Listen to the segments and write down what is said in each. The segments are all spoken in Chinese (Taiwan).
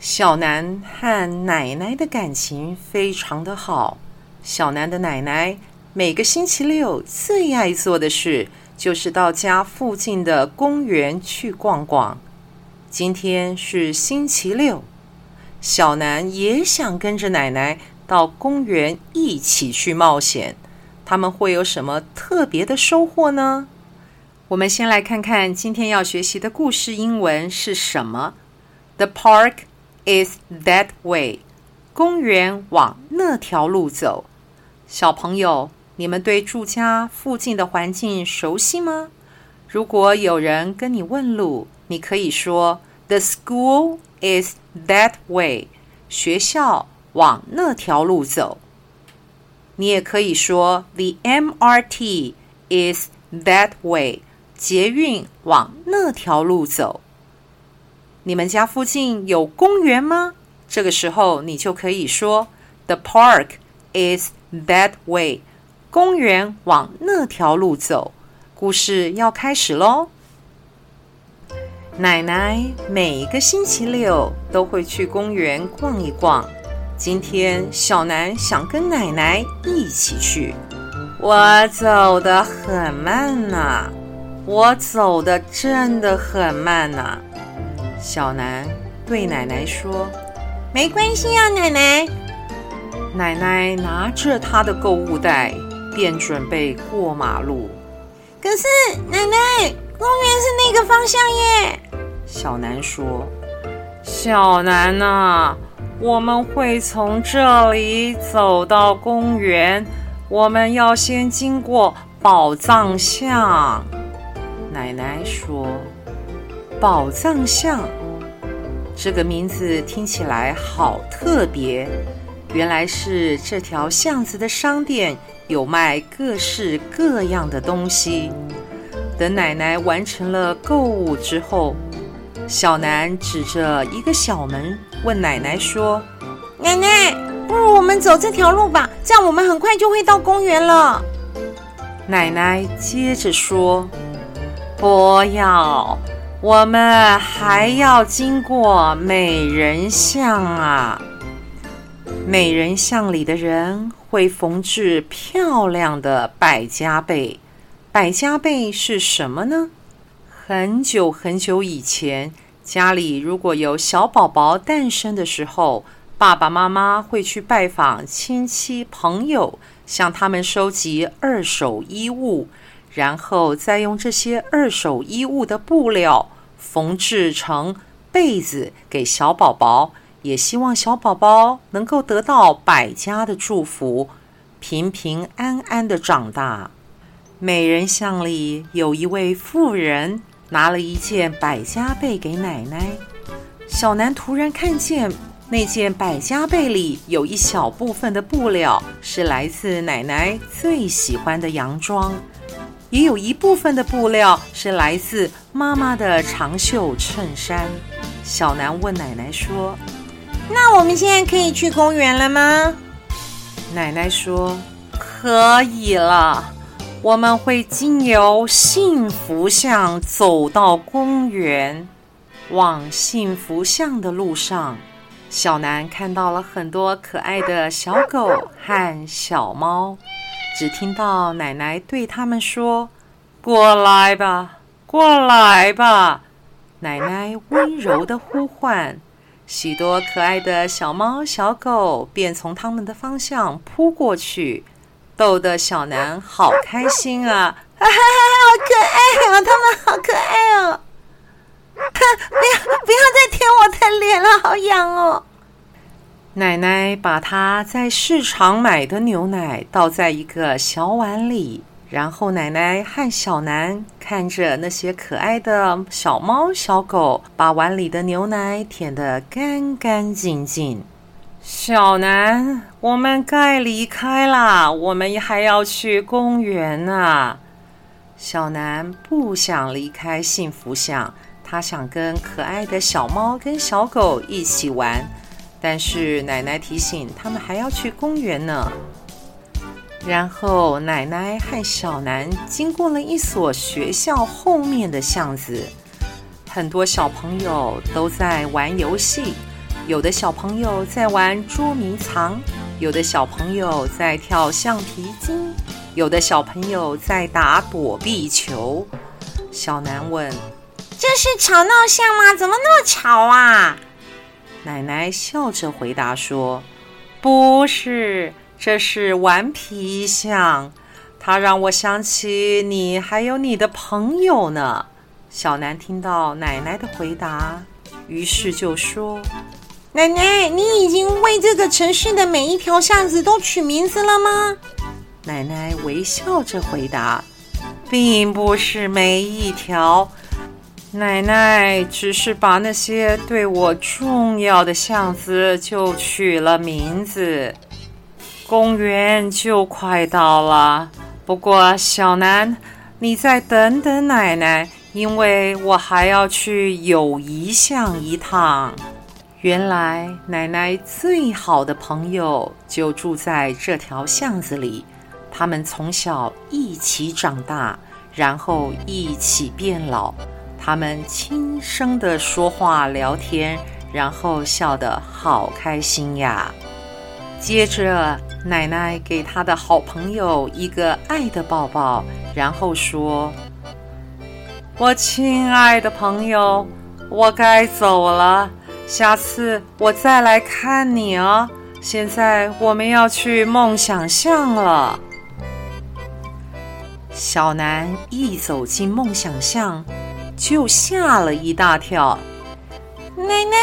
小南和奶奶的感情非常的好。小南的奶奶每個星期六最愛做的事，就是到家附近的公園去逛逛。今天是星期六，小南也想跟着奶奶到公園一起去冒險。他們會有什麼特別的收穫呢？我們先來看看今天要學習的故事英文是什麼。The park. Is that way？公園往那條路走。小朋友，你們對住家附近的環境熟悉嗎？如果有人跟你問路，你可以說 The school is that way。學校往那條路走。你也可以說 The MRT is that way。捷運往那條路走。你們家附近有公園嗎？這個時候你就可以說：“The park is that way。”公園往那條路走。故事要開始嘍！奶奶每一個星期六都會去公園逛一逛。今天小南想跟奶奶一起去。我走得很慢呐，我走得真的很慢吶。小南對奶奶說：“沒關係啊，奶奶。”奶奶拿着她的購物袋，便準備過馬路。可是，奶奶，公園是那個方向耶？小南說：“小南吶、啊，我們會從這裡走到公園，我們要先經過寶藏巷。”奶奶說。寶藏巷這個名字聽起來好特別，原來是這條巷子的商店有賣各式各樣的東西。等奶奶完成了購物之後，小南指着一個小門問奶奶說：“奶奶，不如我們走這條路吧？這樣我們很快就會到公園了。”奶奶接着說：“不要。”我們還要經過美人巷啊！美人巷裡的人會縫製漂亮的百家被。百家被是什麼呢？很久很久以前，家裡如果有小寶寶誕生的時候，爸爸媽媽會去拜訪親戚朋友，向他們收集二手衣物，然後再用這些二手衣物的布料。縫製成被子給小寶寶，也希望小寶寶能夠得到百家的祝福，平平安安的長大。美人巷裡有一位婦人，拿了一件百家被給奶奶。小南突然看見那件百家被裡有一小部分的布料是來自奶奶最喜歡的洋裝。也有一部分的布料是來自媽媽的長袖襯衫。小南問奶奶說：“那我們現在可以去公園了嗎？”奶奶說：“可以了，我們會經由幸福巷走到公園。”往幸福巷的路上，小南看到了很多可愛的小狗和小貓。只聽到奶奶對他們說：“過來吧，過來吧！”奶奶溫柔地呼喚，許多可愛的小貓小狗便從他們的方向撲過去，逗得小南好開心啊，啊！好可愛哦，他們好可愛哦！不要不要再舔我的臉了，好癢哦！奶奶把她在市場買的牛奶倒在一個小碗裡，然後奶奶和小南看着那些可愛的小貓小狗，把碗裡的牛奶舔得乾乾淨淨。小南，我們該離開啦，我們還要去公園呢。小南不想離開幸福巷，他想跟可愛的小貓跟小狗一起玩。但是奶奶提醒他們還要去公園呢。然後奶奶和小南經過了一所學校後面的巷子，很多小朋友都在玩遊戲，有的小朋友在玩捉迷藏，有的小朋友在跳橡皮筋，有的小朋友在打躲避球。小南問：“這是吵鬧巷嗎？怎麼那麼吵啊？”奶奶笑着回答說：“不是，這是頑皮巷，它讓我想起你還有你的朋友呢。”小南聽到奶奶的回答，於是就說：“奶奶，你已經為這個城市的每一條巷子都取名字了嗎？”奶奶微笑着回答：“並不是每一條。”奶奶只是把那些對我重要的巷子就取了名字，公園就快到了。不過，小南，你再等等奶奶，因為我還要去友誼巷一趟。原來，奶奶最好的朋友就住在這條巷子裡，他們從小一起長大，然後一起變老。他們輕聲的說話聊天，然後笑得好開心呀。接着，奶奶給他的好朋友一個愛的抱抱，然後說：“我親愛的朋友，我該走了，下次我再來看你哦。現在我們要去夢想巷了。”小南一走進夢想巷。就嚇了一大跳。奶奶，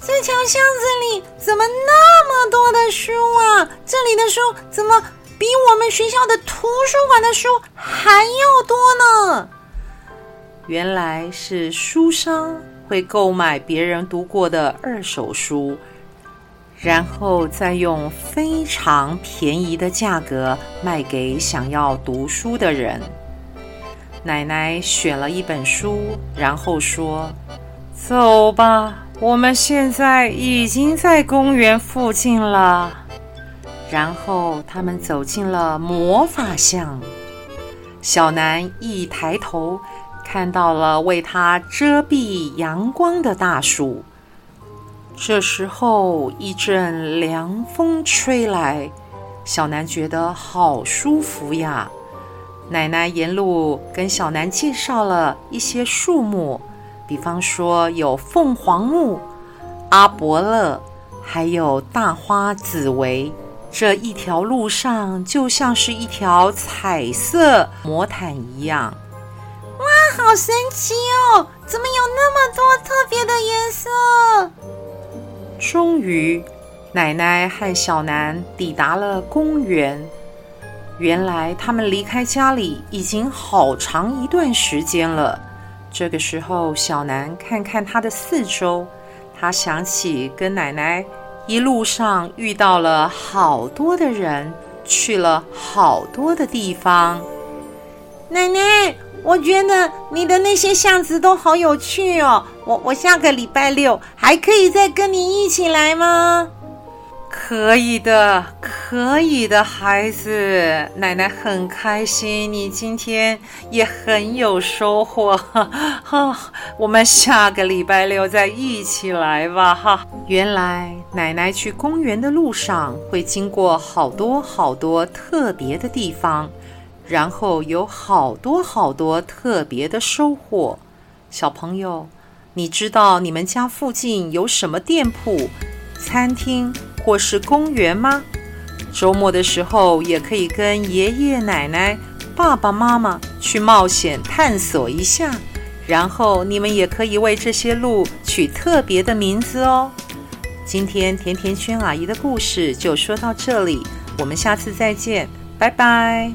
這條巷子裡怎麼那麼多的書啊？這裡的書怎麼比我們學校的圖書館的書還要多呢？原來是書商會購買別人讀過的二手書，然後再用非常便宜的價格賣給想要讀書的人。奶奶選了一本書，然後說：“走吧，我們現在已經在公園附近了。”然後他們走進了魔法巷。小南一抬頭，看到了為他遮蔽陽光的大樹。這時候，一陣涼風吹來，小南覺得好舒服呀。奶奶沿路跟小南介紹了一些樹木，比方說有鳳凰木、阿勃勒，還有大花紫薇。這一條路上就像是一條彩色魔毯一樣。哇，好神奇哦！怎麼有那麼多特別的顏色？終於，奶奶和小南抵達了公園。原來他們離開家裡已經好長一段時間了。這個時候，小南看看他的四周，他想起跟奶奶一路上遇到了好多的人，去了好多的地方。奶奶，我覺得你的那些巷子都好有趣哦。我我下個禮拜六還可以再跟你一起來嗎？可以的，可以的，孩子，奶奶很開心。你今天也很有收穫，哈、 啊。我們下個禮拜六再一起來吧，哈。原來奶奶去公園的路上會經過好多好多特別的地方，然後有好多好多特別的收穫。小朋友，你知道你們家附近有什麼店鋪、餐廳？或是公園嗎？周末的時候也可以跟爺爺奶奶、爸爸媽媽去冒險探索一下，然後你們也可以為這些路取特別的名字哦。今天甜甜圈阿姨的故事就說到這裡，我們下次再見，拜拜。